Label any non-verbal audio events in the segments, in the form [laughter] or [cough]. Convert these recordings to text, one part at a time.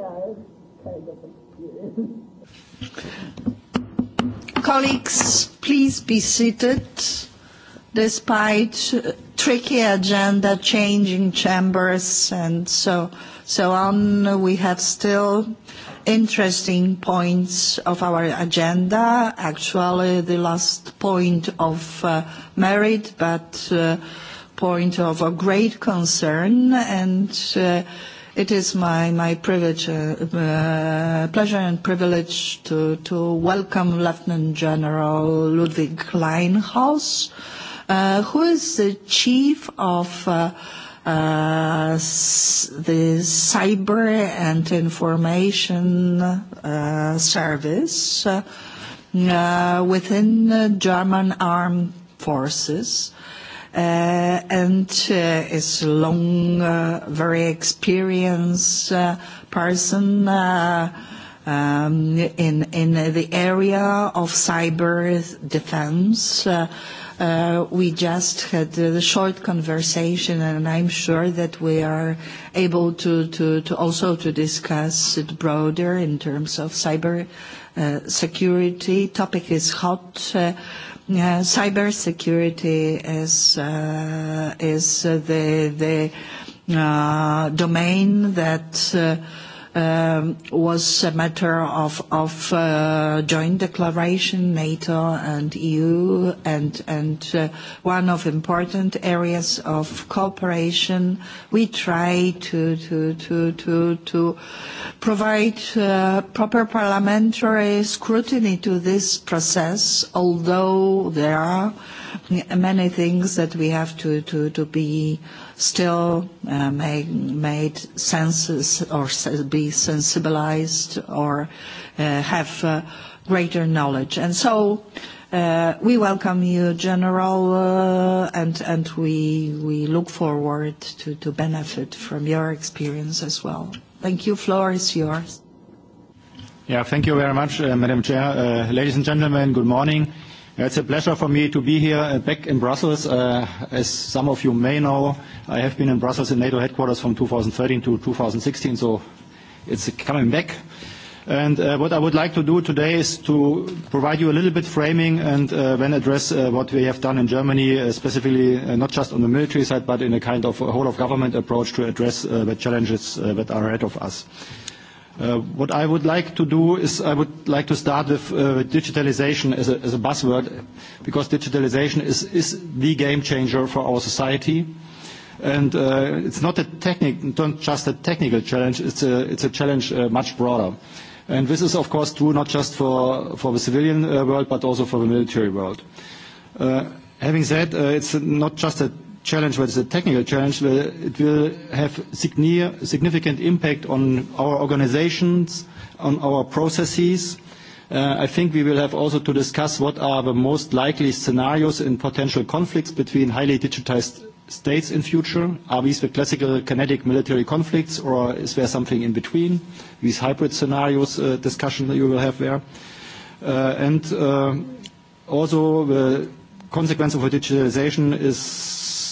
I kind of experience. Colleagues, please be seated. Despite uh, tricky agenda, changing chambers, and so so on, we have still interesting points of our agenda. Actually, the last point of uh, merit, but uh, point of a great concern and. Uh, It is my, my privilege, uh, uh, pleasure and privilege to, to welcome Lieutenant General Ludwig Kleinhaus, uh, who is the chief of uh, uh, the Cyber and Information uh, Service uh, uh within the German Armed Forces. Uh, uh, and uh, is long, uh, very experienced uh, person uh, um, in in the area of cyber defense. Uh, uh, we just had a short conversation, and I'm sure that we are able to, to, to also to discuss it broader in terms of cyber uh, security. Topic is hot. Uh, Uh, cybersecurity is uh, is the the uh, domain that uh, um, was a matter of, of uh, joint declaration, NATO and EU, and, and uh, one of important areas of cooperation. We try to, to, to, to, to provide uh, proper parliamentary scrutiny to this process, although there are uh, many things that we have to, to, to be still uh, make, made senses or be sensibilized or uh, have uh, greater knowledge. And so uh, we welcome you, General, uh, and, and we, we look forward to, to benefit from your experience as well. Thank you. Floor is yours. Yeah, thank you very much, uh, Madam Chair. Uh, ladies and gentlemen, good morning. Uh, It's a pleasure for me to be here uh, back in Brussels. Uh, as some of you may know, I have been in Brussels in NATO headquarters from 2013 to 2016, so it's coming back. And uh, what I would like to do today is to provide you a little bit framing and uh, then address uh, what we have done in Germany, uh, specifically uh, not just on the military side, but in a kind of whole-of-government approach to address uh, the challenges uh, that are ahead of us. Uh, Uh, what I would like to do is I would like to start with uh, digitalization as a, as a buzzword, because digitalization is, is the game changer for our society. And uh, it's not a technic, not just a technical challenge, it's a, it's a challenge uh, much broader. And this is, of course, true not just for, for the civilian uh, world, but also for the military world. Uh, having said, uh, it's not just a challenge, what is a technical challenge, it will have significant impact on our organizations, on our processes. Uh, I think we will have also to discuss what are the most likely scenarios in potential conflicts between highly digitized states in future? Are these the classical kinetic military conflicts, or is there something in between? These hybrid scenarios uh, discussion that you will have there. Uh, and uh, also the consequence of digitalization is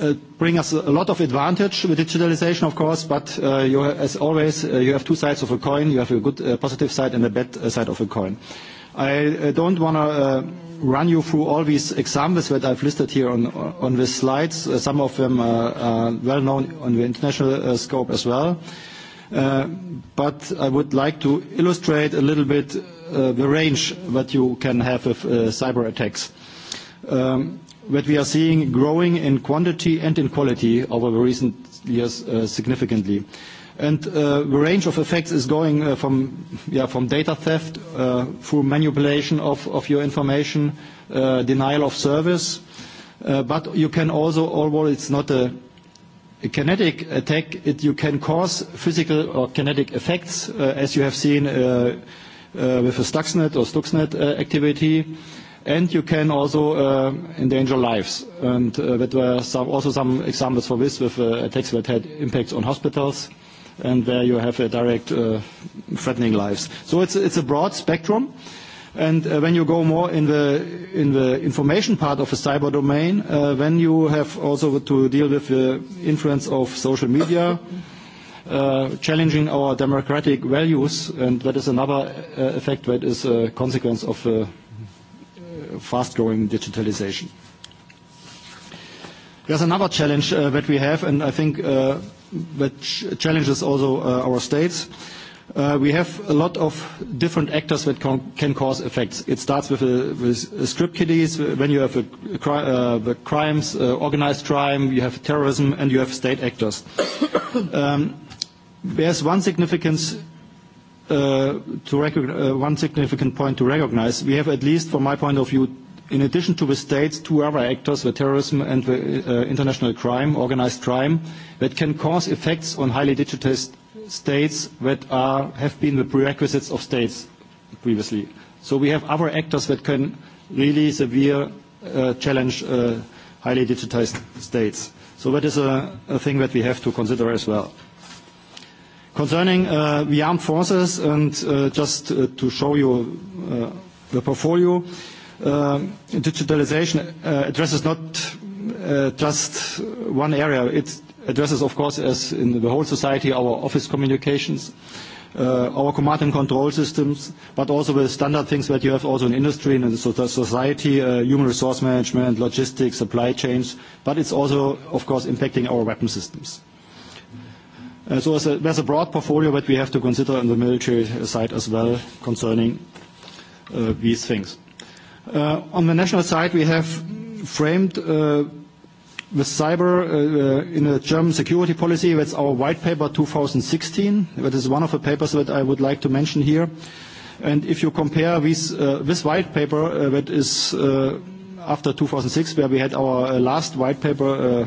uh, bring us a lot of advantage with digitalization, of course, but uh, you, as always, uh, you have two sides of a coin. You have a good uh, positive side and a bad uh, side of a coin. I uh, don't want to uh, run you through all these examples that I've listed here on, on these slides. Uh, some of them uh, are uh, well known on the international uh, scope as well. Uh, but I would like to illustrate a little bit uh, the range that you can have with uh, cyber attacks. Um, that we are seeing growing in quantity and in quality over the recent years uh, significantly. And, uh, the range of effects is going uh, from, yeah, from data theft uh, through manipulation of, of your information, uh, denial of service. Uh, but you can also, although it's not a, a kinetic attack, it, you can cause physical or kinetic effects, as you have seen with the Stuxnet or Stuxnet activity and you can also uh, endanger lives. And uh, there were some, also some examples for this with uh, attacks that had impacts on hospitals and where you have a direct uh, threatening lives. So it's, it's a broad spectrum. And uh, when you go more in the, in the information part of the cyber domain, uh, then you have also to deal with the influence of social media, Uh, challenging our democratic values, and that is another uh, effect that is a consequence of the uh, fast-growing digitalization. There's another challenge uh, that we have, and I think uh, that challenges also uh, our states. Uh, we have a lot of different actors that can cause effects. It starts with, a, uh, with script kiddies, when you have a cri uh, the crimes, uh, organized crime, you have terrorism, and you have state actors. [coughs] um, there's one significance uh, to uh, one significant point to recognize. We have, at least from my point of view, in addition to the states, two other actors, the terrorism and the uh, international crime, organized crime, that can cause effects on highly digitized states that are, have been the prerequisites of states previously. So we have other actors that can really severe uh, challenge uh, highly digitized states. So that is a, a thing that we have to consider as well. Concerning uh, the armed forces, and uh, just uh, to show you uh, the portfolio, uh, digitalization uh, addresses not uh, just one area. It addresses, of course, as in the whole society, our office communications, uh, our command and control systems, but also the standard things that you have also in industry and in society, uh, human resource management, logistics, supply chains, but it's also, of course, impacting our weapon systems. Uh, Uh, so a, there's a broad portfolio that we have to consider on the military side as well concerning uh, these things. Uh, on the national side, we have framed uh, with cyber uh, uh, in the German security policy. That's our white paper 2016. That is one of the papers that I would like to mention here. And if you compare these, uh, this white paper uh, that is uh, after 2006, where we had our uh, last white paper uh,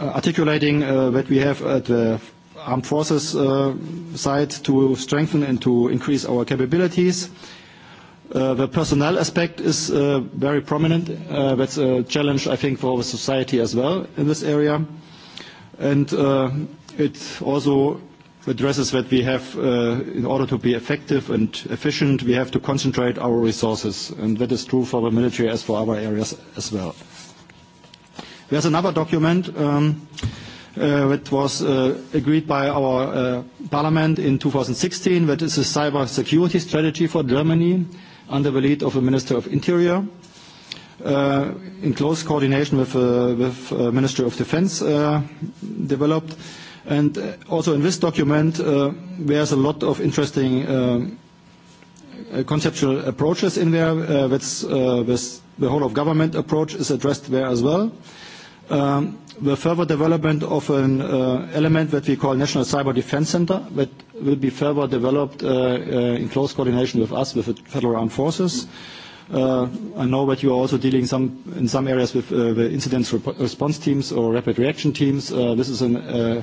Uh, articulating uh, that we have at the armed forces uh, side to strengthen and to increase our capabilities. Uh, the personnel aspect is uh, very prominent. Uh, that's a challenge, I think, for our society as well in this area. And uh, it also addresses that we have, uh, in order to be effective and efficient, we have to concentrate our resources. And that is true for the military as for other areas as well. Uh, There's another document um, uh, that was uh, agreed by our uh, parliament in 2016 that is a cyber security strategy for Germany under the lead of the Minister of Interior. Uh, in close coordination with uh, with uh, Ministry of Defense uh, developed. And uh, also in this document, uh, there's a lot of interesting um, uh, conceptual approaches in there. Uh, that's uh, this, the whole of government approach is addressed there as well. Uh, um, the further development of an uh, element that we call National Cyber Defense Center that will be further developed uh, uh, in close coordination with us, with the Federal Armed Forces. Uh, I know that you are also dealing some, in some areas with uh, the incident response teams or rapid reaction teams. Uh, this is an uh,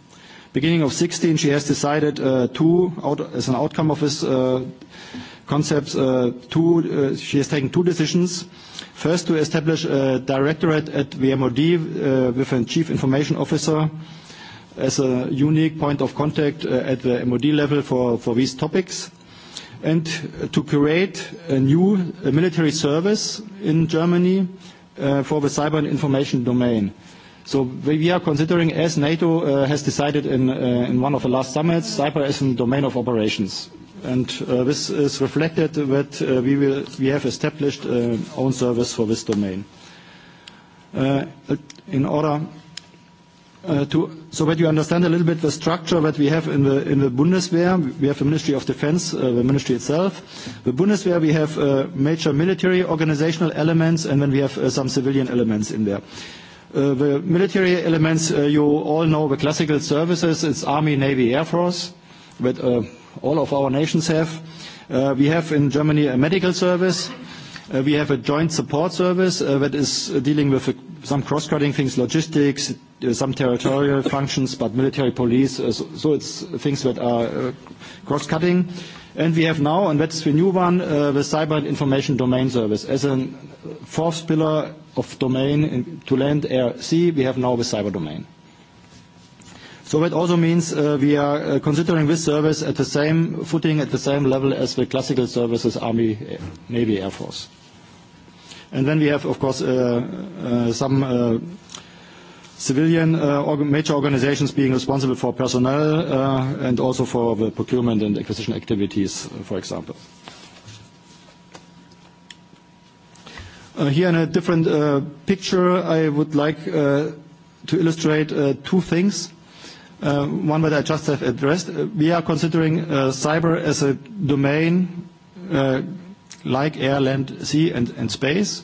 Beginning of 16, she has decided uh, two, out, as an outcome of this uh, concept, uh, two, uh, she has taken two decisions. First, to establish a directorate at VMOD uh, with a chief information officer as a unique point of contact uh, at the MOD level for, for these topics. And to create a new a military service in Germany uh, for the cyber and information domain. Uh, So we are considering, as NATO uh, has decided in, uh, in one of the last summits, cyber as a domain of operations. And uh, this is reflected that uh, we, will, we have established uh, own service for this domain. Uh, in order uh, to, so that you understand a little bit the structure that we have in the, in the Bundeswehr, we have the Ministry of Defense, uh, the ministry itself. The Bundeswehr, we have uh, major military organizational elements, and then we have uh, some civilian elements in there. Uh, Uh, the military elements, uh, you all know the classical services. It's Army, Navy, Air Force, that uh, all of our nations have. Uh, we have in Germany a medical service. Uh, we have a joint support service uh, that is uh, dealing with uh, some cross-cutting things, logistics, uh, some territorial [laughs] functions, but military police. Uh, so, so it's things that are uh, cross-cutting. Uh, And we have now, and that's the new one, uh, the Cyber and Information Domain Service. As a fourth pillar of domain in, to land, air, sea, we have now the cyber domain. So that also means uh, we are uh, considering this service at the same footing, at the same level as the classical services, Army, Navy, Air Force. And then we have, of course, uh, uh, some uh, civilian uh, org major organizations being responsible for personnel uh, and also for the procurement and acquisition activities, uh, for example. Uh, here in a different uh, picture, I would like uh, to illustrate uh, two things. Uh, one that I just have addressed. Uh, we are considering uh, cyber as a domain uh, like air, land, sea, and, and space.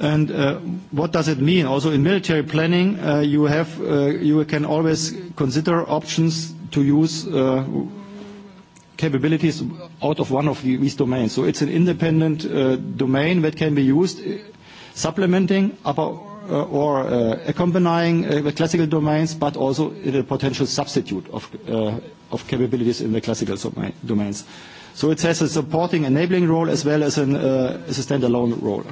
And uh, what does it mean? Also in military planning, uh, you have uh, you can always consider options to use uh, capabilities out of one of these domains. So it's an independent uh, domain that can be used, uh, supplementing upper, uh, or uh, accompanying uh, the classical domains, but also in a potential substitute of uh, of capabilities in the classical domains. So it has a supporting, enabling role as well as an uh, as a standalone role.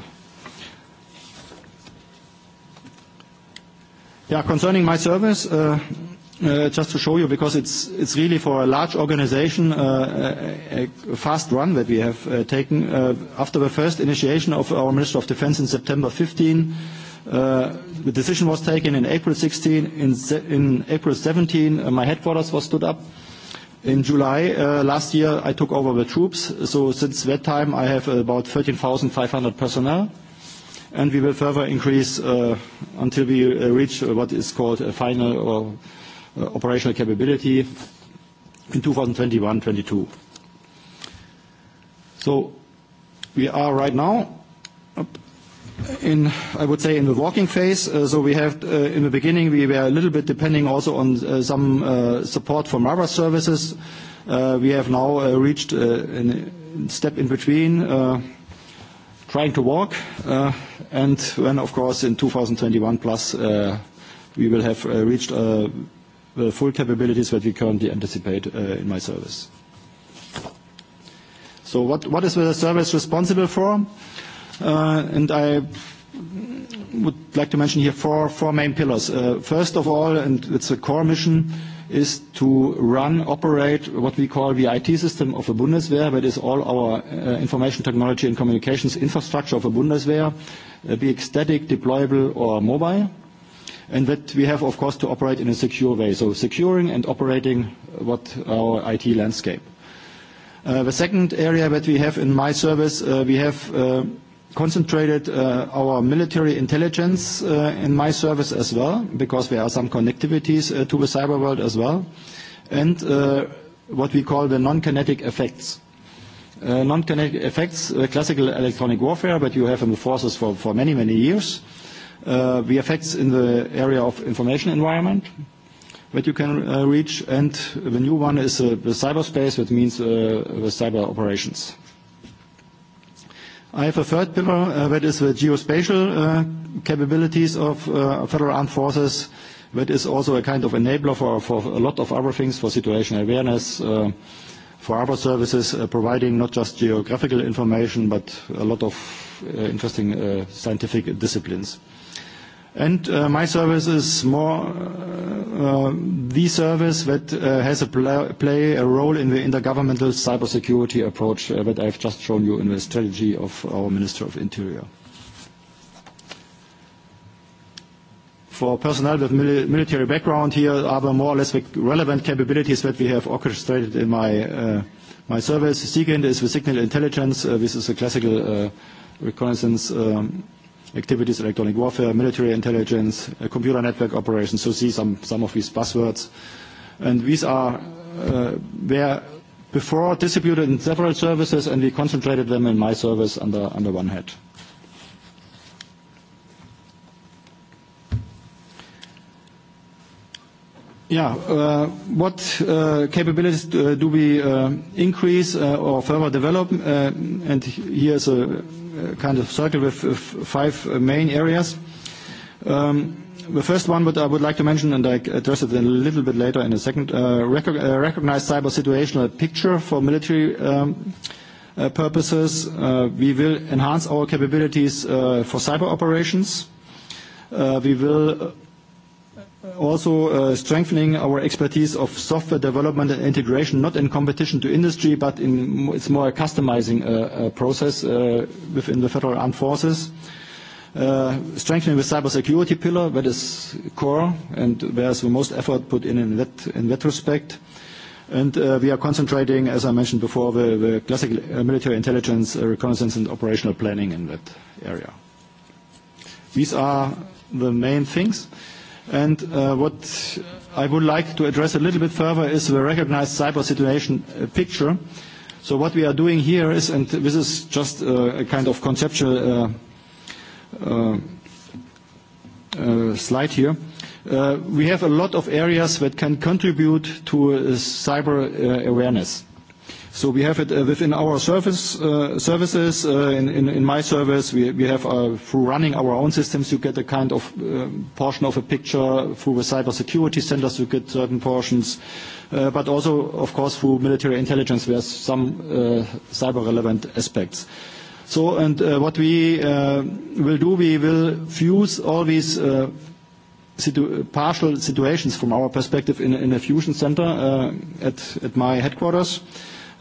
Yeah, concerning my service, uh, uh, just to show you, because it's, it's really for a large organization, uh, a, a fast run that we have uh, taken. Uh, after the first initiation of our Minister of Defense in September 2015, uh, the decision was taken in April 2016. In, in April 2017, my headquarters was stood up. In July uh, last year, I took over the troops. So since that time, I have about 13,500 personnel and we will further increase uh, until we uh, reach uh, what is called a final or uh, operational capability in 2021, 2022. So we are right now in, I would say, in the walking phase. Uh, so we have, uh, in the beginning, we were a little bit depending also on uh, some support from other services. We have now reached a step in between trying to walk. Uh, and then, of course, in 2021 plus, uh, we will have uh, reached uh, the full capabilities that we currently anticipate uh, in my service. So what, what is the service responsible for? Uh, and I would like to mention here four, four main pillars. Uh, first of all, and it's a core mission, uh, is to run, operate what we call the IT system of the Bundeswehr. That is all our uh, information technology and communications infrastructure of the Bundeswehr, uh, be it static, deployable, or mobile. And that we have, of course, to operate in a secure way. So securing and operating what our IT landscape. Uh, the second area that we have in my service, uh, we have uh, concentrated uh, our military intelligence uh, in my service as well, because there are some connectivities uh, to the cyber world as well, and uh, what we call the non-kinetic effects. Uh, non-kinetic effects, uh, classical electronic warfare, but you have in the forces for, for many, many years. Uh, the effects in the area of information environment that you can uh, reach, and the new one is uh, the cyberspace, that means uh, the cyber operations. Uh, I have a third pillar, uh, that is the geospatial uh, capabilities of uh, Federal Armed Forces. That is also a kind of enabler for, for a lot of other things, for situational awareness, uh, for other services, uh, providing not just geographical information, but a lot of uh, interesting scientific disciplines. And uh, my service is more uh, uh, the service that uh, has a pl play a role in the intergovernmental cybersecurity approach uh, that I've just shown you in the strategy of our Minister of Interior. For personnel with mili military background here are the more or less the relevant capabilities that we have orchestrated in my, uh, my service. Second is the signal intelligence. Uh, this is a classical uh, reconnaissance um, activities, electronic warfare, military intelligence, uh, computer network operations. So see some, some of these buzzwords. And these are uh, where before distributed in several services, and we concentrated them in my service under, under one head. Yeah. Uh, what uh, capabilities do, do we uh, increase uh, or further develop? Uh, and here's a Uh, kind of circle with uh, five uh, main areas. Um, the first one that I would like to mention, and I address it a little bit later in a second, uh, rec recognize cyber situational picture for military um, uh, purposes. Uh, we will enhance our capabilities for cyber operations. We will Uh, also uh, strengthening our expertise of software development and integration, not in competition to industry, but in, it's more a customizing uh, uh, process uh, within the Federal Armed Forces. Uh, strengthening the cybersecurity pillar, that is core, and there's the most effort put in in that, in that respect. And, we are concentrating, as I mentioned before, the, the classical military intelligence, reconnaissance, and operational planning in that area. These are the main things. And uh, what I would like to address a little bit further is the recognized cyber situation uh, picture. So what we are doing here is, and this is just uh, a kind of conceptual uh, uh, uh, slide here. Uh, we have a lot of areas that can contribute to uh, cyber uh, awareness. So we have it uh, within our service, uh, services. Uh, in, in, in my service, we, we have uh, through running our own systems, you get a kind of uh, portion of a picture. Through the cybersecurity centers, you get certain portions. Uh, but also, of course, through military intelligence, there's some uh, cyber-relevant aspects. So, and uh, what we uh, will do, we will fuse all these uh, situ partial situations from our perspective in, in a fusion center uh, at, at my headquarters. Uh,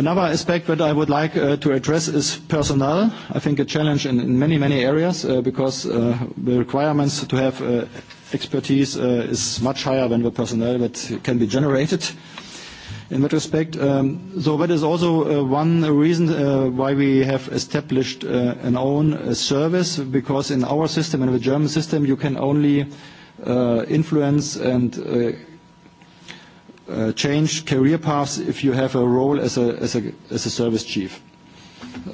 Another aspect that I would like uh, to address is personnel. I think a challenge in, in many, many areas uh, because uh, the requirements to have uh, expertise uh, is much higher than the personnel that can be generated. In that respect, um, so that is also uh, one reason uh, why we have established uh, an own uh, service because in our system, in the German system, you can only uh, influence and uh, uh, change career paths if you have a role as a, as a, as a service chief.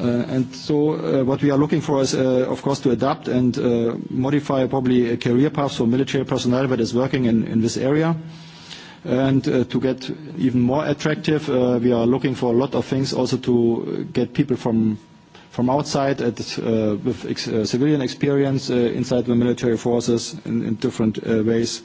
Uh, and so uh, what we are looking for is, uh, of course, to adapt and uh, modify probably a career path for military personnel that is working in, in this area. And uh, to get even more attractive, uh, we are looking for a lot of things also to get people from from outside at, uh, with ex uh, civilian experience uh, inside the military forces in, in different uh, ways. Uh,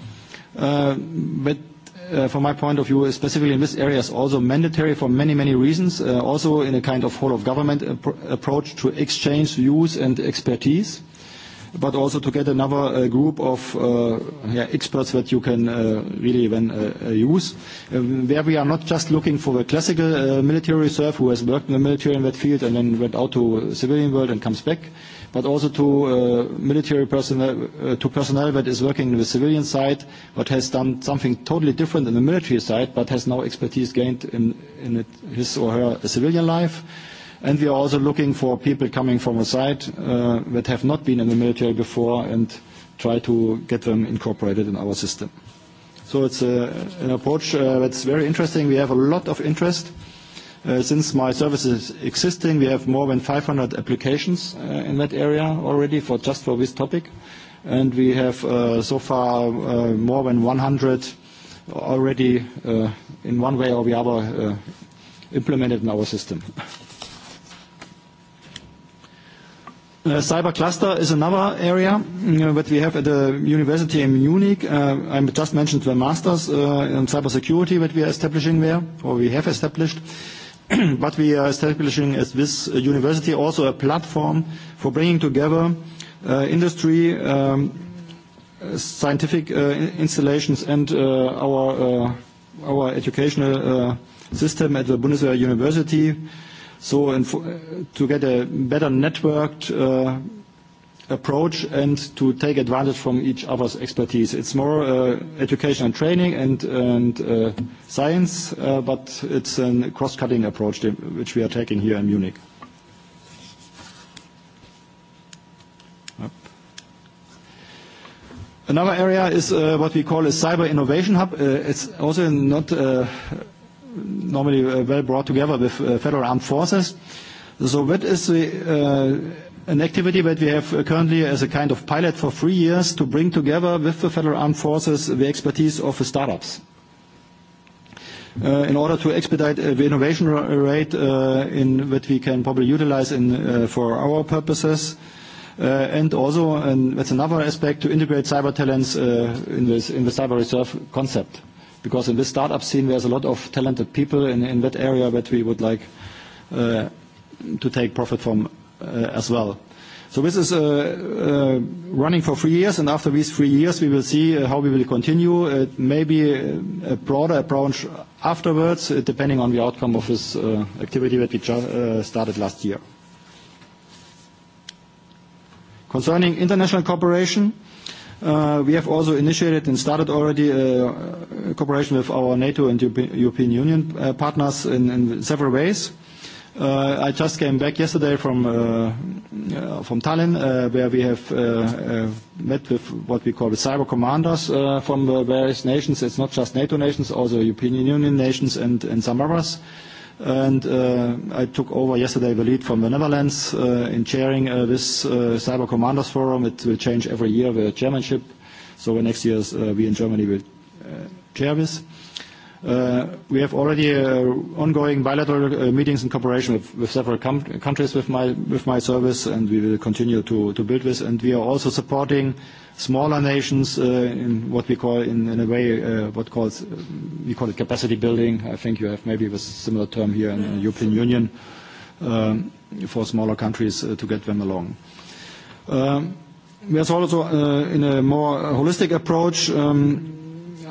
Uh, but uh, from my point of view, specifically in this area, is also mandatory for many, many reasons, uh, also in a kind of whole of government ap approach to exchange views and expertise but also to get another uh, group of uh, yeah, experts that you can uh, really then uh, uh use. Um, where we are not just looking for a classical uh, military reserve who has worked in the military in that field and then went out to civilian world and comes back, but also to uh, military personnel, uh, to personnel that is working in the civilian side, but has done something totally different in the military side, but has now expertise gained in, in it, his or her civilian life. Uh, And we are also looking for people coming from a site uh, that have not been in the military before and try to get them incorporated in our system. So it's a, uh, an approach uh, that's very interesting. We have a lot of interest. Uh, since my service is existing, we have more than 500 applications uh, in that area already for just for this topic. And we have uh, so far uh, more than 100 already uh, in one way or the other uh, implemented in our system. [laughs] Uh, Cybercluster is another area uh, that we have at the university in Munich. Uh, I just mentioned the masters uh, in cybersecurity that we are establishing there, or we have established. [clears throat] but we are establishing at this uh, university also a platform for bringing together uh, industry, um, scientific uh, installations, and uh, our, uh, our educational uh, system at the Bundeswehr University. Uh, so in, to get a better networked uh, approach and to take advantage from each other's expertise. It's more uh, education and training and, and uh, science, uh, but it's a cross-cutting approach which we are taking here in Munich. Yep. Another area is uh, what we call a cyber innovation hub. Uh, it's also not uh, normally uh, well brought together with uh, federal armed forces. So that is the, uh, an activity that we have uh, currently as a kind of pilot for three years to bring together with the federal armed forces the expertise of the startups. Uh, in order to expedite uh, the innovation rate uh, in that we can probably utilize in, uh, for our purposes. Uh, and also, and that's another aspect, to integrate cyber talents in, this, in the cyber reserve concept because in this startup scene, there's a lot of talented people in, in that area that we would like uh, to take profit from uh, as well. So this is uh, uh running for three years, and after these three years, we will see uh, how we will continue. It may be uh, a broader approach afterwards, depending on the outcome of this activity that we started last year. Concerning international cooperation, Uh, we have also initiated and started already uh, uh, cooperation with our NATO and Europe European Union uh, partners in, in several ways. Uh, I just came back yesterday from uh, uh, from Tallinn, uh, where we have uh, uh, met with what we call the cyber commanders uh, from the uh, various nations. It's not just NATO nations, also European Union nations and, and some others. Uh, and uh, I took over yesterday the lead from the Netherlands uh, in chairing uh, this uh, Cyber Commanders Forum. It will change every year the chairmanship, so the next year uh, we in Germany will uh, chair this. Uh, Uh, we have already uh, ongoing bilateral uh, meetings in cooperation with, with several com- countries with my, with my service, and we will continue to, to build this. And we are also supporting smaller nations uh, in what we call, in, in a way, uh, what calls, uh, we call it capacity building. I think you have maybe a similar term here in the European Union um, for smaller countries uh, to get them along. Um, we are also uh, in a more holistic approach. Um,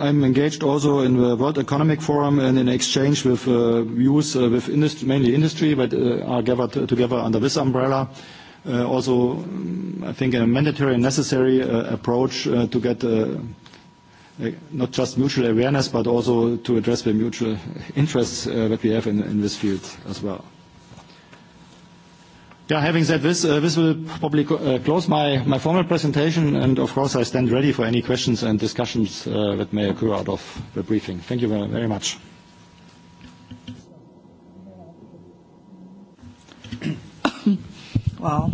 I'm engaged also in the World Economic Forum and in exchange with uh, views uh, with industry, mainly industry, but uh, are gathered together under this umbrella. Uh, also, um, I think a mandatory and necessary uh, approach uh, to get uh, uh, not just mutual awareness, but also to address the mutual [laughs] interests uh, that we have in, in this field as well. Yeah, having said this, uh, this will probably uh, close my, my formal presentation, and of course, I stand ready for any questions and discussions uh, that may occur out of the briefing. Thank you very, very much. [coughs] Well,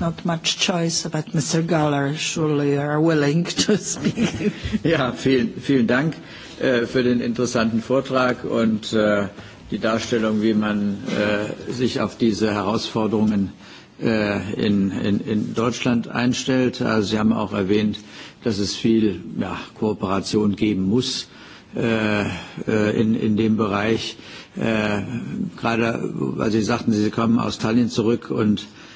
not much choice, but Mr. Galler, surely you are willing [laughs] to speak. Ja, vielen, vielen Dank äh, für den interessanten Vortrag und äh, die Darstellung, wie man äh, sich auf diese Herausforderungen äh, in, in, in Deutschland einstellt. Also Sie haben auch erwähnt, dass es viel ja, Kooperation geben muss äh, äh in, in dem Bereich. Äh, gerade, weil Sie sagten, Sie kommen aus Tallinn zurück und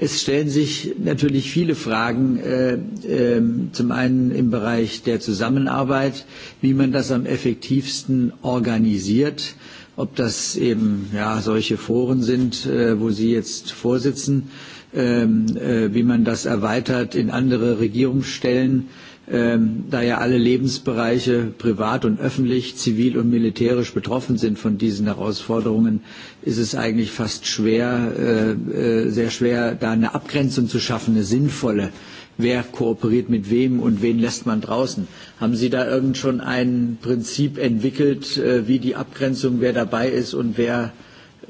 Es stellen sich natürlich viele Fragen, äh, äh, zum einen im Bereich der Zusammenarbeit, wie man das am effektivsten organisiert, ob das eben ja, solche Foren sind, äh, wo Sie jetzt vorsitzen, äh, äh, wie man das erweitert in andere Regierungsstellen, äh, ähm, da ja alle Lebensbereiche privat und öffentlich, zivil und militärisch betroffen sind von diesen Herausforderungen, ist es eigentlich fast schwer, äh, äh, sehr schwer, da eine Abgrenzung zu schaffen, eine sinnvolle. Wer kooperiert mit wem und wen lässt man draußen? Haben Sie da irgend schon ein Prinzip entwickelt, äh, wie die Abgrenzung, wer dabei ist und wer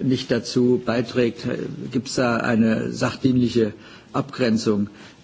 nicht dazu beiträgt? Gibt es da eine sachdienliche Abgrenzung?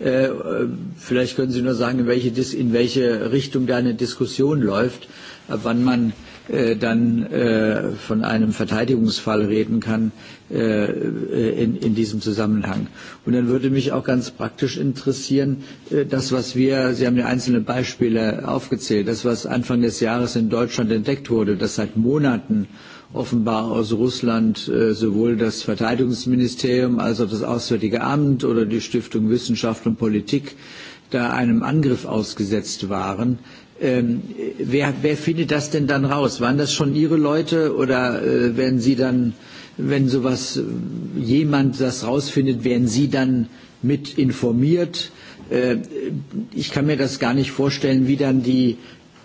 Äh, vielleicht können Sie nur sagen, in welche, in welche Richtung da eine Diskussion läuft, ab wann man äh, dann äh, von einem Verteidigungsfall reden kann äh, in, in diesem Zusammenhang. Und dann würde mich auch ganz praktisch interessieren, äh, das, was wir, Sie haben ja einzelne Beispiele aufgezählt, das, was Anfang des Jahres in Deutschland entdeckt wurde, das seit Monaten äh, offenbar aus Russland äh, sowohl das Verteidigungsministerium als auch das Auswärtige Amt oder die Stiftung Wissenschaft und Politik da einem Angriff ausgesetzt waren. Ähm, wer, wer findet das denn dann raus? Waren das schon Ihre Leute oder äh, werden Sie dann, wenn sowas jemand das rausfindet, werden Sie dann mit informiert? Äh, ich kann mir das gar nicht vorstellen, wie dann die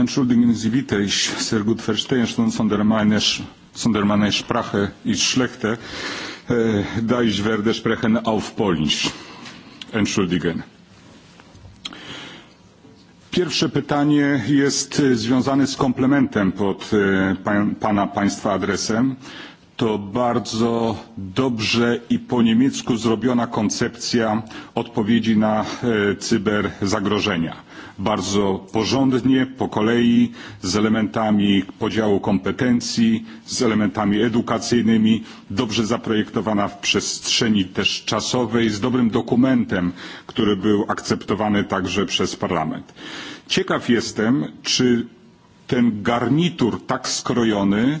Entschuldigen Sie bitte, ich sehr gut verstehe schon von der meine, von der meine Sprache ist schlechte, äh, da ich werde sprechen auf Polnisch. Entschuldigen. Pierwsze pytanie jest e, związane z komplementem pod e, pa, pana państwa adresem. To bardzo dobrze i po niemiecku zrobiona koncepcja odpowiedzi na e, cyberzagrożenia bardzo porządnie, po kolei, z elementami podziału kompetencji, z elementami edukacyjnymi, dobrze zaprojektowana w przestrzeni też czasowej, z dobrym dokumentem, który był akceptowany także przez Parlament. Ciekaw jestem, czy ten garnitur tak skrojony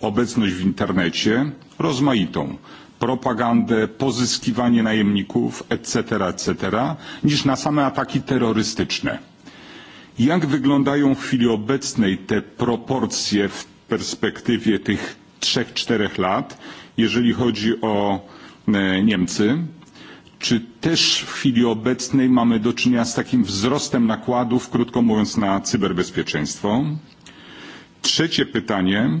obecność w internecie rozmaitą propagandę, pozyskiwanie najemników, etc., etc., niż na same ataki terrorystyczne. Jak wyglądają w chwili obecnej te proporcje w perspektywie tych 3-4 lat, jeżeli chodzi o e, Niemcy? Czy też w chwili obecnej mamy do czynienia z takim wzrostem nakładów, krótko mówiąc, na cyberbezpieczeństwo? Trzecie pytanie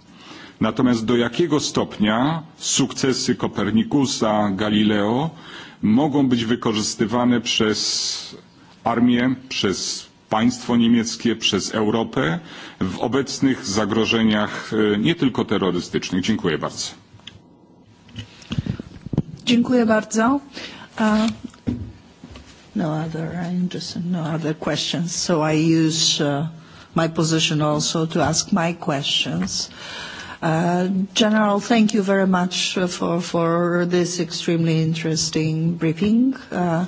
Natomiast do jakiego stopnia sukcesy Kopernikusa, Galileo mogą być wykorzystywane przez armię, przez państwo niemieckie, przez Europę w obecnych zagrożeniach e, nie tylko terrorystycznych? Dziękuję bardzo. Dziękuję bardzo. Uh... No other interest, no other questions. So I use uh, my position also to ask my questions. Uh, Uh, General, thank you very much for, for this extremely interesting briefing. Uh,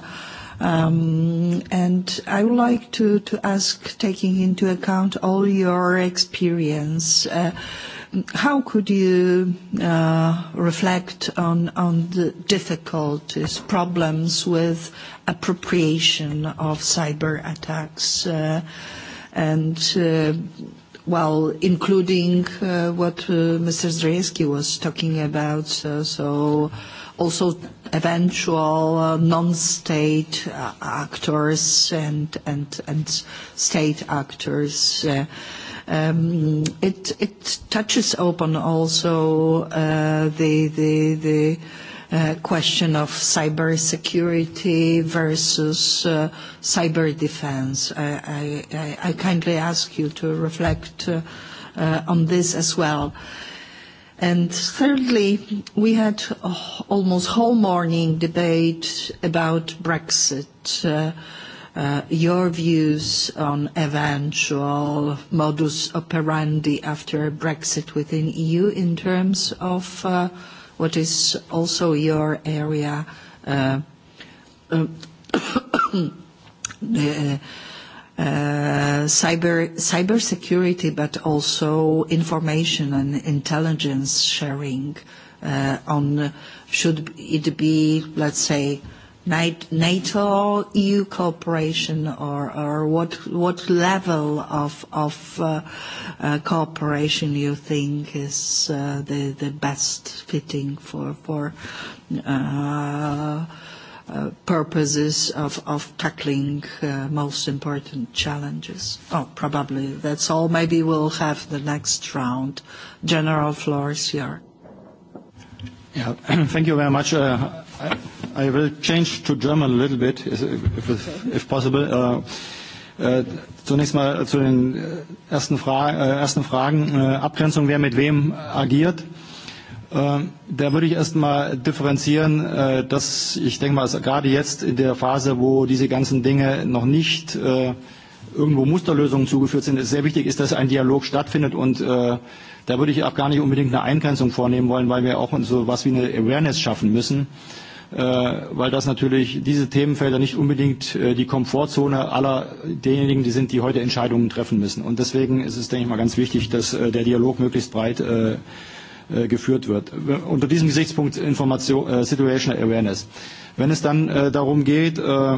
um, and I would like to, to ask, taking into account all your experience, uh, how could you uh, reflect on, on the difficulties, problems with appropriation of cyber attacks? Uh, and uh, well, including uh, what uh, Mr. Zdrajewski was talking about, uh, so also eventual uh, non-state uh, actors and, and, and state actors. Uh, um, it, it touches upon also uh, the, the, the uh, uh, question of cybersecurity versus uh, cyber defense. I, I, I kindly ask you to reflect uh, uh, on this as well. And thirdly, we had almost whole morning debate about Brexit. Uh, Uh, your views on eventual modus operandi after Brexit within EU in terms of uh, what is also your area, uh, uh, [coughs] the uh, cyber cybersecurity, but also information and intelligence sharing uh, on should it be, let's say, NATO EU cooperation or, or what what level of of uh, uh, cooperation you think is uh, the the best fitting for for uh, uh, purposes of, of tackling uh, most important challenges. Oh, probably that's all. Maybe we'll have the next round. General floor is yours. Yeah, [clears throat] thank you very much. Uh, I I will change to German a little bit, if, if possible. Uh, Äh, zunächst mal zu den äh, ersten, Fra äh, ersten Fragen. Äh, Abgrenzung, wer mit wem agiert. Äh, da würde ich erst mal differenzieren, äh, dass ich denke mal, gerade jetzt in der Phase, wo diese ganzen Dinge noch nicht äh, irgendwo Musterlösungen zugeführt sind, ist sehr wichtig ist, dass ein Dialog stattfindet und äh, da würde ich auch gar nicht unbedingt eine Eingrenzung vornehmen wollen, weil wir auch so was wie eine Awareness schaffen müssen. Äh, Äh, weil das natürlich diese Themenfelder nicht unbedingt äh, die Komfortzone aller derjenigen, die sind, die heute Entscheidungen treffen müssen. Und deswegen ist es, denke ich mal, ganz wichtig, dass äh, der Dialog möglichst breit geführt wird. Unter diesem Gesichtspunkt Information, äh, Situational Awareness. Wenn es dann äh, darum geht, äh,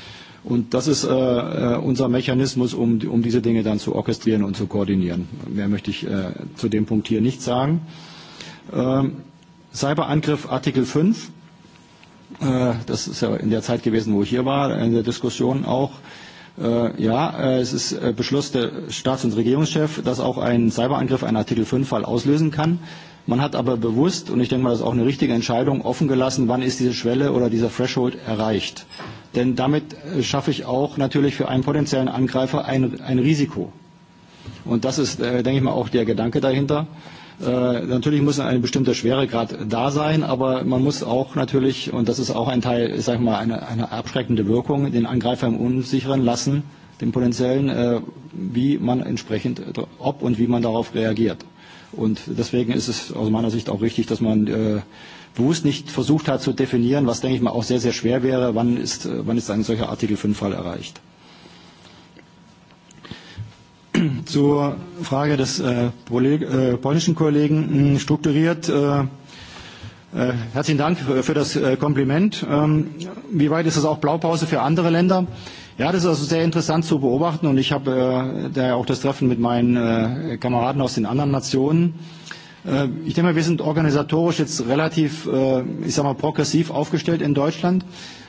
Und das ist äh, äh, unser Mechanismus, um, um diese Dinge dann zu orchestrieren und zu koordinieren. Mehr möchte ich äh, zu dem Punkt hier nicht sagen. Ähm, Cyberangriff Artikel 5. Äh, das ist ja in der Zeit gewesen, wo ich hier war, in der Diskussion auch. Äh, ja, äh, es ist äh, Beschluss der Staats- und Regierungschef, dass auch ein Cyberangriff einen Artikel 5-Fall auslösen kann. Äh, Man hat aber bewusst, und ich denke mal, das ist auch eine richtige Entscheidung, offen gelassen, wann ist diese Schwelle oder dieser Threshold erreicht. Denn damit äh, schaffe ich auch natürlich für einen potenziellen Angreifer ein, ein Risiko. Und das ist, äh, denke ich mal, auch der Gedanke dahinter. Äh, natürlich muss ein bestimmter Schweregrad da sein, aber man muss auch natürlich, und das ist auch ein Teil, ich sage mal, eine, eine abschreckende Wirkung, den Angreifer im Unsicheren lassen, den potenziellen, äh, wie man entsprechend, ob und wie man darauf reagiert. Und deswegen ist es aus meiner Sicht auch richtig, dass man äh, bewusst nicht versucht hat zu definieren, was, denke ich mal, auch sehr, sehr schwer wäre, wann ist, äh, wann ist ein solcher Artikel 5-Fall erreicht. Zur Frage des äh, äh polnischen Kollegen hm, strukturiert. Äh, äh, herzlichen Dank für das äh, Kompliment. Ähm, wie weit ist es auch Blaupause für andere Länder? Äh, Ja, das ist also sehr interessant zu beobachten und ich habe äh, da ja auch das Treffen mit meinen äh, Kameraden aus den anderen Nationen. Äh, ich denke mal, wir sind organisatorisch jetzt relativ, äh, ich sag mal, progressiv aufgestellt in Deutschland.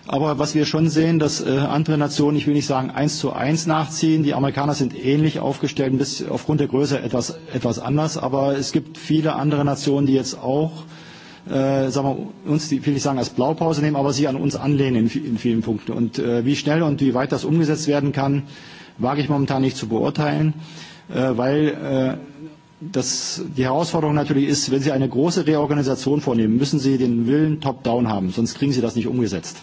Aber was wir schon sehen, dass äh, andere Nationen, ich will nicht sagen eins zu eins nachziehen, die Amerikaner sind ähnlich aufgestellt, bis aufgrund der Größe etwas, etwas anders, aber es gibt viele andere Nationen, die jetzt auch äh, äh, sagen wir, uns, die, will ich sagen, als Blaupause nehmen, aber sie an uns anlehnen in, in vielen Punkten. Und äh, wie schnell und wie weit das umgesetzt werden kann, wage ich momentan nicht zu beurteilen, äh, weil äh, das, die Herausforderung natürlich ist, wenn Sie eine große Reorganisation vornehmen, müssen Sie den Willen top-down haben, sonst kriegen Sie das nicht umgesetzt.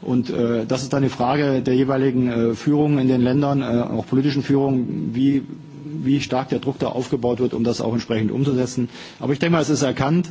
Und äh, das ist dann die Frage der jeweiligen äh, Führung in den Ländern, äh, auch politischen Führung, wie, wie stark der Druck da aufgebaut wird, um das auch entsprechend umzusetzen. Aber ich denke mal, es ist erkannt, äh,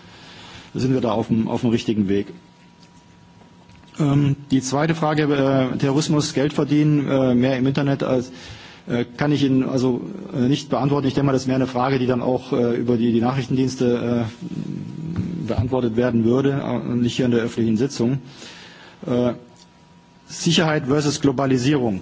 sind wir da auf dem, auf dem richtigen Weg. Ähm, die zweite Frage, äh, Terrorismus, Geld verdienen, äh, mehr im Internet als äh, kann ich Ihnen also äh, nicht beantworten. Ich denke mal, das wäre eine Frage, die dann auch äh, über die, die Nachrichtendienste äh, beantwortet werden würde, äh, nicht hier in der öffentlichen Sitzung. Äh, Sicherheit versus Globalisierung. Äh,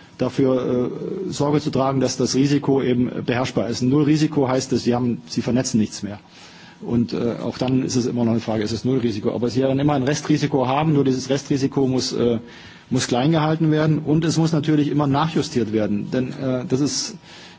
dafür äh, Sorge zu tragen, dass das Risiko eben beherrschbar ist. Null Risiko heißt es, sie, haben, sie vernetzen nichts mehr. Und äh, auch dann ist es immer noch eine Frage, ist es Nullrisiko. Aber Sie werden immer ein Restrisiko haben, nur dieses Restrisiko muss, äh, muss klein gehalten werden und es muss natürlich immer nachjustiert werden. Denn äh, das ist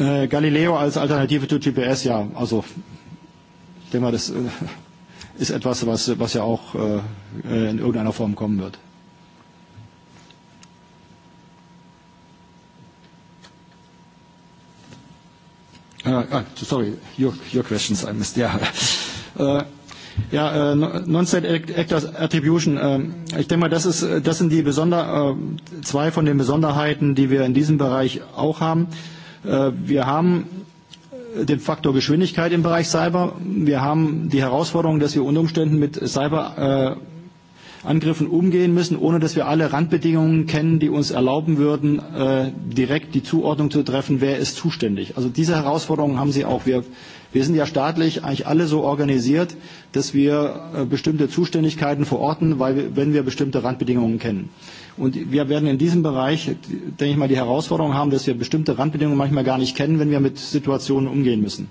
Äh, Galileo als Alternative zu GPS, ja, also ich denke mal, das äh, ist etwas, was, was ja auch äh, äh in irgendeiner Form kommen wird. Uh, uh, sorry, your, your questions I missed. Yeah. [laughs] Äh, uh, ja, äh, Non-State Actors Attribution. Äh, ich denke mal, das, ist, das sind die Besonder, äh, zwei von den Besonderheiten, die wir in diesem Bereich auch haben. Äh, Äh, wir haben äh, den Faktor Geschwindigkeit im Bereich Cyber. Wir haben die Herausforderung, dass wir unter Umständen mit Cyber äh, Angriffen umgehen müssen, ohne dass wir alle Randbedingungen kennen, die uns erlauben würden, äh, direkt die Zuordnung zu treffen, wer ist zuständig. Also diese Herausforderungen haben Sie auch. Wir Wir sind ja staatlich eigentlich alle so organisiert, dass wir äh, bestimmte Zuständigkeiten verorten, weil, wenn wir bestimmte Randbedingungen kennen. Und wir werden in diesem Bereich, denke ich mal, die Herausforderung haben, dass wir bestimmte Randbedingungen manchmal gar nicht kennen, wenn wir mit Situationen umgehen müssen.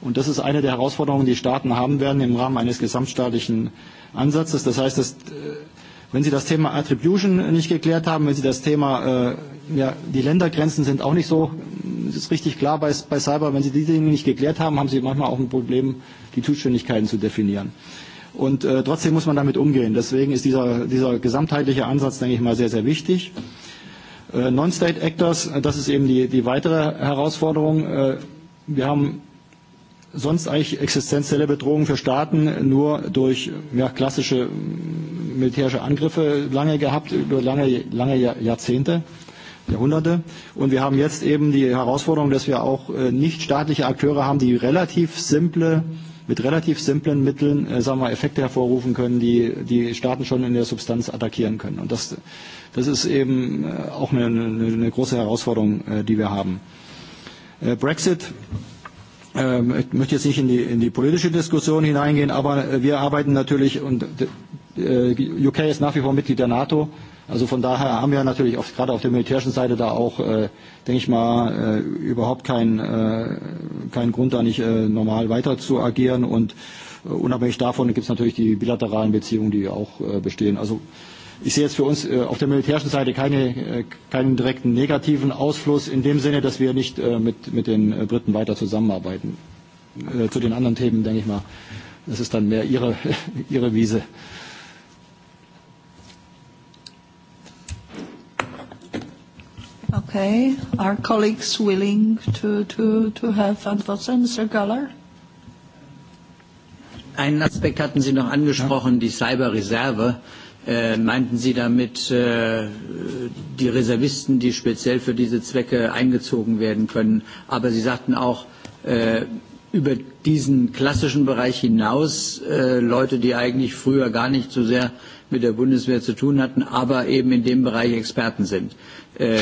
Und das ist eine der Herausforderungen, die Staaten haben werden im Rahmen eines gesamtstaatlichen Ansatzes. Das heißt, dass, äh, wenn Sie das Thema Attribution nicht geklärt haben, wenn Sie das Thema, äh, ja, die Ländergrenzen sind auch nicht so Es ist richtig klar bei, bei Cyber, wenn Sie diese Dinge nicht geklärt haben, haben Sie manchmal auch ein Problem, die Zuständigkeiten zu definieren. Und äh, trotzdem muss man damit umgehen. Deswegen ist dieser, dieser gesamtheitliche Ansatz, denke ich mal, sehr, sehr wichtig. Äh, Non-State Actors, äh, das ist eben die, die weitere Herausforderung. Äh, wir haben sonst eigentlich existenzielle Bedrohungen für Staaten nur durch ja, klassische militärische Angriffe lange gehabt, über lange, lange Jahrzehnte. Äh, Jahrhunderte. Und wir haben jetzt eben die Herausforderung, dass wir auch äh, nichtstaatliche Akteure haben, die relativ simple mit relativ simplen Mitteln, äh, sagen wir, Effekte hervorrufen können, die die Staaten schon in der Substanz attackieren können. Und das, das ist eben äh, auch eine, eine, eine große Herausforderung, äh, die wir haben. Äh, Brexit ähm, ich möchte jetzt nicht in die, in die politische Diskussion hineingehen, aber äh, wir arbeiten natürlich und äh, UK ist nach wie vor Mitglied der NATO. Also von daher haben wir natürlich auf, gerade auf der militärischen Seite da auch, äh, denke ich mal, äh, überhaupt keinen äh, kein Grund, da nicht äh, normal weiter zu agieren. Und äh, unabhängig davon gibt es natürlich die bilateralen Beziehungen, die auch äh, bestehen. Also ich sehe jetzt für uns äh, auf der militärischen Seite keine, äh, keinen direkten negativen Ausfluss in dem Sinne, dass wir nicht äh, mit, mit den äh, Briten weiter zusammenarbeiten. Äh, zu den anderen Themen, denke ich mal, das ist dann mehr ihre, [laughs] ihre Wiese. Äh, Okay. Are colleagues willing to, to, to have Antworten? Mr. Galler? Einen Aspekt hatten Sie noch angesprochen, die Cyberreserve. Äh, meinten Sie damit äh, die Reservisten, die speziell für diese Zwecke eingezogen werden können? Aber Sie sagten auch, äh, über diesen klassischen Bereich hinaus äh, Leute, die eigentlich früher gar nicht so sehr mit der Bundeswehr zu tun hatten, aber eben in dem Bereich Experten sind. Äh,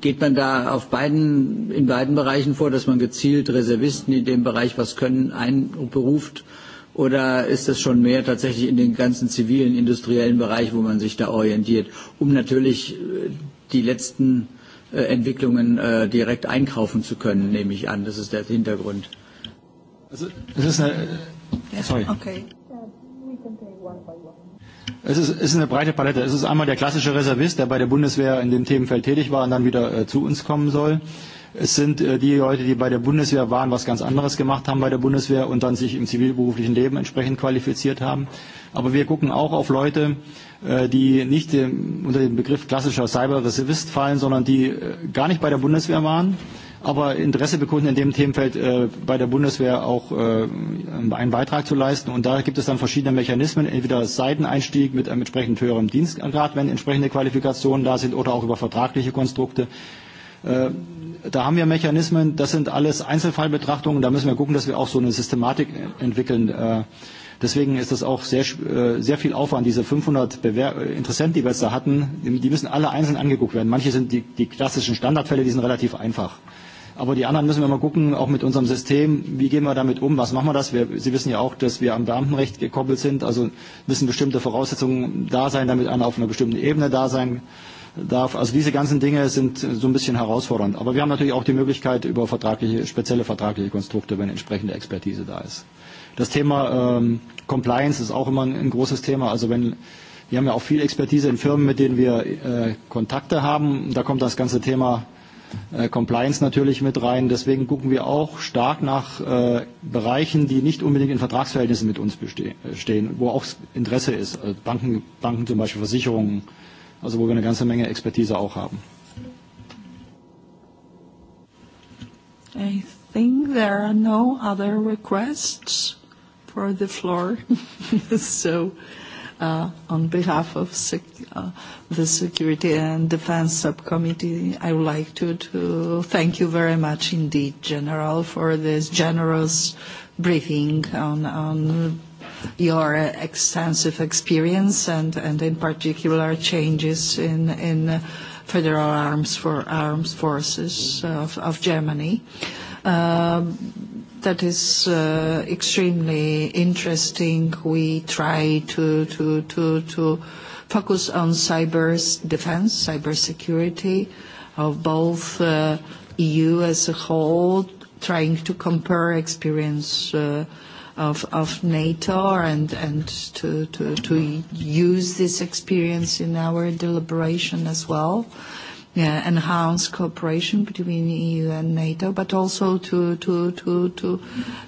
geht man da auf beiden, in beiden Bereichen vor, dass man gezielt Reservisten in dem Bereich was können einberuft? Oder ist das schon mehr tatsächlich in den ganzen zivilen, industriellen Bereich, wo man sich da orientiert, um natürlich äh, die letzten äh, Entwicklungen äh, direkt einkaufen zu können, nehme ich an. Das ist der Hintergrund. Also, das ist eine, äh, sorry. Okay. Es ist, ist eine breite Palette. Es ist einmal der klassische Reservist, der bei der Bundeswehr in dem Themenfeld tätig war und dann wieder äh, zu uns kommen soll. Es sind äh, die Leute, die bei der Bundeswehr waren, was ganz anderes gemacht haben bei der Bundeswehr und dann sich im zivilberuflichen Leben entsprechend qualifiziert haben. Aber wir gucken auch auf Leute, äh, die nicht dem, unter den Begriff klassischer Cyber-Reservist fallen, sondern die äh, gar nicht bei der Bundeswehr waren, äh, aber Interesse bekunden, in dem Themenfeld äh, bei der Bundeswehr auch äh, einen Beitrag zu leisten. Und da gibt es dann verschiedene Mechanismen, entweder Seiteneinstieg mit einem entsprechend höherem Dienstgrad, wenn entsprechende Qualifikationen da sind, oder auch über vertragliche Konstrukte. Äh, da haben wir Mechanismen, das sind alles Einzelfallbetrachtungen, da müssen wir gucken, dass wir auch so eine Systematik entwickeln. Äh, Deswegen ist das auch sehr, äh, sehr viel Aufwand. Diese 500 Bewer äh, Interessenten, die wir jetzt da hatten, die müssen alle einzeln angeguckt werden. Manche sind die, die klassischen Standardfälle, die sind relativ einfach. Äh, Aber die anderen müssen wir mal gucken, auch mit unserem System, wie gehen wir damit um, was machen wir das? Wir, Sie wissen ja auch, dass wir am Beamtenrecht gekoppelt sind, also müssen bestimmte Voraussetzungen da sein, damit einer auf einer bestimmten Ebene da sein darf. Also diese ganzen Dinge sind so ein bisschen herausfordernd. Aber wir haben natürlich auch die Möglichkeit über vertragliche, spezielle vertragliche Konstrukte, wenn entsprechende Expertise da ist. Das Thema ähm, Compliance ist auch immer ein, ein großes Thema. Also wenn wir haben ja auch viel Expertise in Firmen, mit denen wir äh, Kontakte haben. Da kommt das ganze Thema äh, äh, Compliance natürlich mit rein. Deswegen gucken wir auch stark nach äh, Bereichen, die nicht unbedingt in Vertragsverhältnissen mit uns bestehen, äh, stehen, wo auch Interesse ist. Also Banken, Banken zum Beispiel, Versicherungen, also wo wir eine ganze Menge Expertise auch haben. I think there are no other requests for the floor. [laughs] so. Uh, uh, on behalf of sec- uh, the Security and Defense Subcommittee, I would like to, to thank you very much indeed, General, for this generous briefing on, on your extensive experience and, and in particular changes in, in federal arms for arms forces of, of Germany. Um, that is uh, extremely interesting. We try to, to, to, to focus on cyber defense, cybersecurity of both uh, EU as a whole, trying to compare experience uh, of, of NATO and, and to, to, to use this experience in our deliberation as well. Uh, yeah, enhance cooperation between EU and NATO, but also to to to to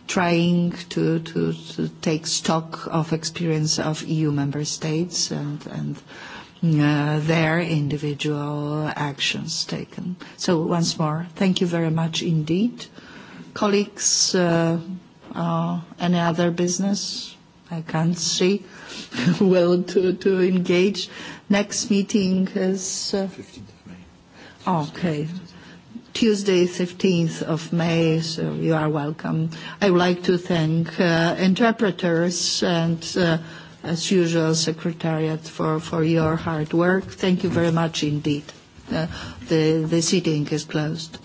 trying to to, to take stock of experience of EU member states and and uh, their individual actions taken. So once more, thank you very much indeed, colleagues. Uh, uh, any other business? I can't see [laughs] will to to engage. Next meeting is. Uh, 15th. Okay. Tuesday, 15th of May, so you are welcome. I would like to thank uh, interpreters and, uh, as usual, secretariat for, for your hard work. Thank you very much indeed. Uh, the, the sitting is closed.